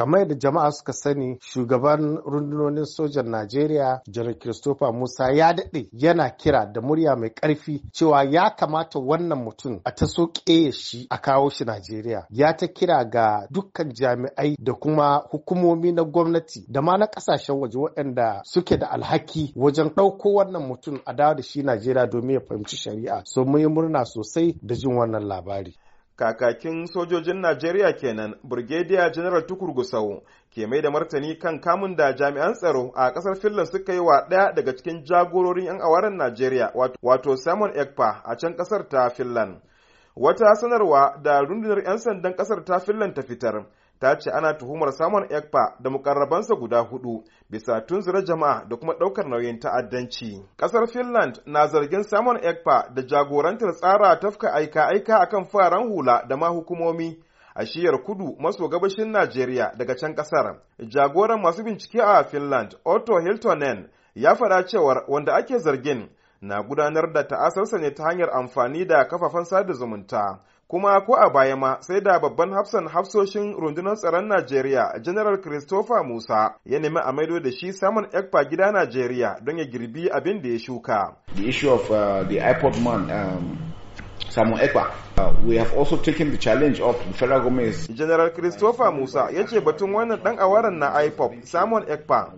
kamar yadda jama'a suka sani shugaban rundunonin sojan najeriya janar christopher musa ya daɗe yana kira da murya mai ƙarfi cewa ya kamata wannan mutum a ta so shi a kawo shi najeriya ya ta kira ga dukkan jami'ai da kuma hukumomi na gwamnati da ma na ƙasashen waje waɗanda suke da alhaki wajen ɗauko wannan mutum a dawo da shi najeriya domin ya fahimci shari'a so muyi yi murna sosai da jin wannan labari kakakin sojojin Najeriya kenan Brigadier General Tukur Gusau ke mai da martani kan kamun da jami'an tsaro a kasar Finland suka yi wa ɗaya daga cikin jagororin 'yan awaren Najeriya wato Simon Ekpa a can kasar ta Finland. Wata sanarwa da rundunar 'yan sandan kasar ta Finland ta fitar ta ce ana tuhumar samun ekpa da mukarrabansa guda hudu bisa tunzura jama'a da kuma daukar nauyin ta'addanci kasar finland na zargin samun ekpa da jagorantar tsara tafka aika-aika akan faran hula da ma hukumomi a shiyar kudu maso gabashin najeriya daga can kasar jagoran masu bincike a finland otto hiltonen ya faɗa cewar wanda ake zargin na gudanar da ta'asarsa ne ta hanyar amfani da kafafen sada zumunta kuma ko a baya ma sai da babban hafsan hafsoshin rundunar tsaron Najeriya General Christopher Musa ya nemi a maido da shi samun ekpa gida Najeriya don ya girbi abin da ya shuka. The issue of uh, the iPod man um, samun ekwa uh, we have also taken the challenge of the federal government general christopher musa ya ce batun wannan dan awaran na ipop samun ekpa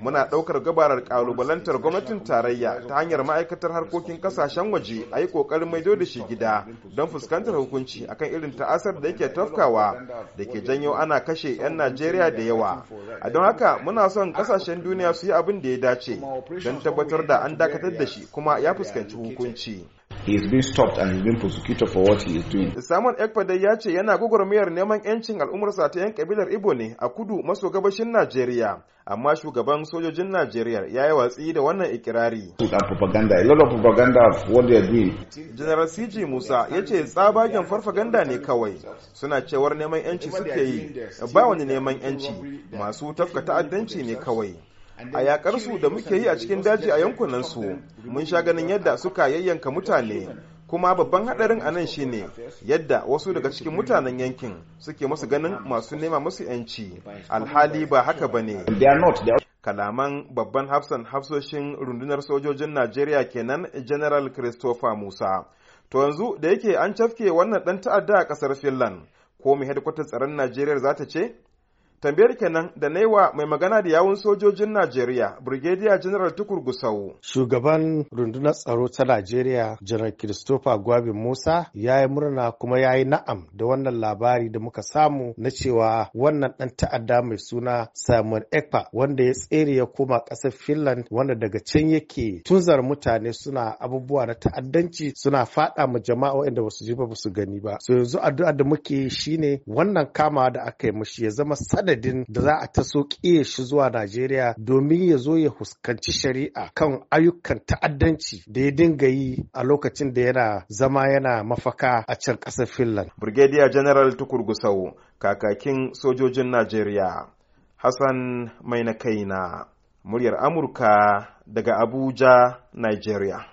muna daukar gabarar kalubalantar gwamnatin tarayya ta hanyar ma'aikatar harkokin kasashen waje a yi kokarin maido da shi gida don fuskantar hukunci akan irin ta'asar da yake tafkawa da ke janyo ana kashe 'yan najeriya da yawa a don haka muna son kasashen duniya su yi abin da ya dace don tabbatar da an dakatar da shi kuma ya fuskanci hukunci he is being stopped and he is being prosecuted for what he is doing. Samuel Ekpade ya ce yana gwagwarmayar neman 'yancin sa ta 'yan kabilar Ibo ne a kudu maso gabashin Najeriya. Amma shugaban sojojin Najeriya ya yi watsi da wannan ikirari. propaganda, a lot of propaganda of what they are doing. General CG Musa ya ce tsabagen farfaganda ne kawai. Suna cewar neman 'yanci suke yi, ba wani neman 'yanci, masu tafka ta'addanci ne kawai. a yakarsu da muke yi a cikin daji a yankunansu mun sha ganin yadda suka yayyanka mutane kuma babban hadarin a nan shine yadda wasu daga cikin mutanen yankin suke masu ganin masu nema musu yanci alhali ba haka ba ne kalaman babban hafsan hafsoshin rundunar sojojin najeriya kenan general christopher musa to yanzu da yake an cafke wannan dan ta'adda a kasar finland ko mai tsaron najeriya za ta ce tambayar kenan da na wa mai magana da yawun sojojin Najeriya Brigadier General Tukur Gusau. Shugaban rundunar tsaro ta Najeriya General Christopher Gwabi Musa ya yi murna kuma ya yi na'am da wannan labari da muka samu na cewa wannan ɗan ta'adda mai suna Simon Ekpa wanda ya tsere ya koma ƙasar Finland wanda daga can yake tunzar mutane suna abubuwa na ta'addanci suna faɗa ma jama'a waɗanda ba su ji ba su gani ba. So yanzu addu'a da muke shine wannan kama da aka yi mushi ya zama sada sanadin da za a taso ƙiye shi zuwa Najeriya domin ya zo ya fuskanci shari'a kan ayyukan ta'addanci da ya dinga yi a lokacin da yana zama yana mafaka a can ƙasar Finland. Brigadier General Tukur Gusau, kakakin sojojin Najeriya, Hassan Mai na kaina, muryar Amurka daga Abuja, Najeriya.